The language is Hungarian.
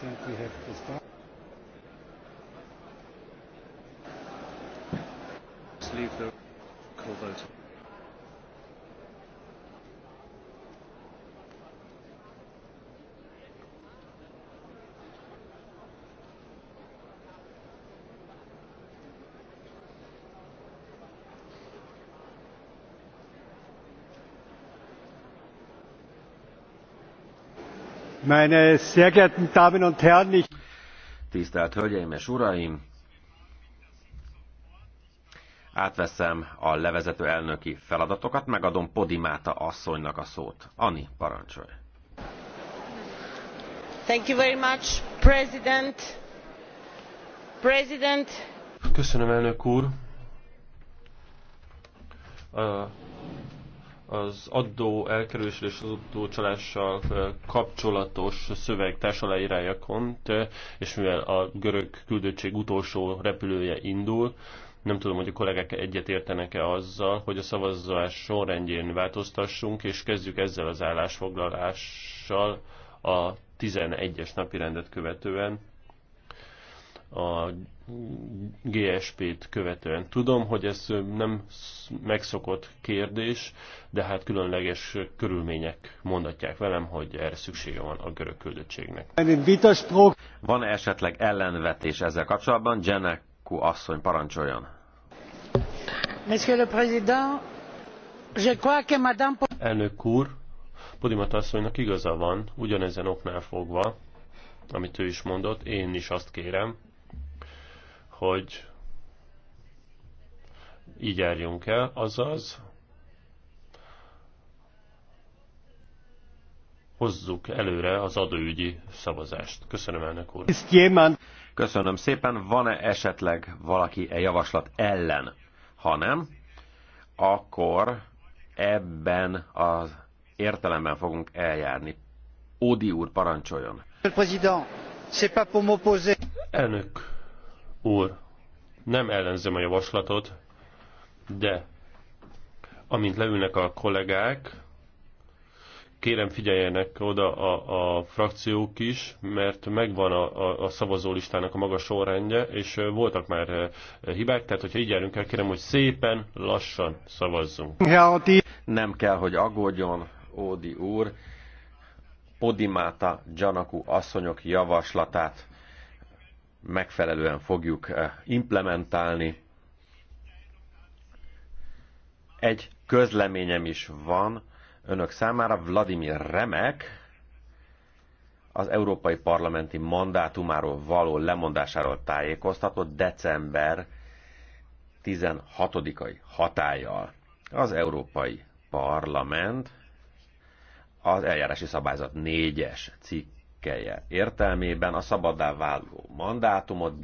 think we have to start. Let's leave the co-voter. Meine sehr geehrten Damen und Herren, ich... Tisztelt Hölgyeim és Uraim! Átveszem a levezető elnöki feladatokat, megadom Podimáta asszonynak a szót. Ani, parancsolj! Thank you very much, President. President. Köszönöm, elnök úr! az adó elkerülés és az csalással kapcsolatos szöveg társaláírája kont, és mivel a görög küldöttség utolsó repülője indul, nem tudom, hogy a kollégák egyet értenek-e azzal, hogy a szavazás sorrendjén változtassunk, és kezdjük ezzel az állásfoglalással a 11-es napi rendet követően a GSP-t követően. Tudom, hogy ez nem megszokott kérdés, de hát különleges körülmények mondatják velem, hogy erre szüksége van a görög küldöttségnek. Van -e esetleg ellenvetés ezzel kapcsolatban? Jeneku asszony parancsoljon. Monsieur le Président, je crois que Madame... Elnök úr, Podimat asszonynak igaza van, ugyanezen oknál fogva, amit ő is mondott, én is azt kérem, hogy így járjunk el, azaz hozzuk előre az adóügyi szavazást. Köszönöm elnök úr. Köszönöm szépen. Van-e esetleg valaki e javaslat ellen? Ha nem, akkor ebben az értelemben fogunk eljárni. Ódi úr, parancsoljon. Elnök úr, nem ellenzem a javaslatot, de amint leülnek a kollégák, kérem figyeljenek oda a, a frakciók is, mert megvan a, a, a szavazólistának a maga sorrendje, és voltak már hibák, tehát hogyha így járunk el, kérem, hogy szépen, lassan szavazzunk. Nem kell, hogy aggódjon, Ódi úr, Podimáta Gyanakú asszonyok javaslatát megfelelően fogjuk eh, implementálni. Egy közleményem is van önök számára, Vladimir Remek, az Európai Parlamenti mandátumáról való lemondásáról tájékoztatott december 16-ai hatállyal. Az Európai Parlament az eljárási szabályzat 4-es cikk értelmében a szabadá váló mandátumot,